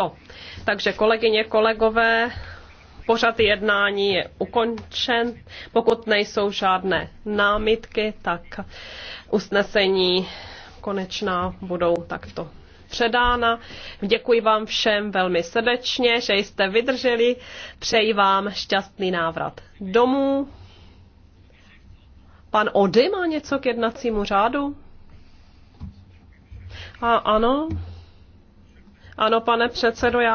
No, takže kolegyně, kolegové, pořad jednání je ukončen. Pokud nejsou žádné námitky, tak usnesení konečná budou takto předána. Děkuji vám všem velmi srdečně, že jste vydrželi. Přeji vám šťastný návrat domů. Pan Ody má něco k jednacímu řádu? A ano. Ano, pane předsedo, já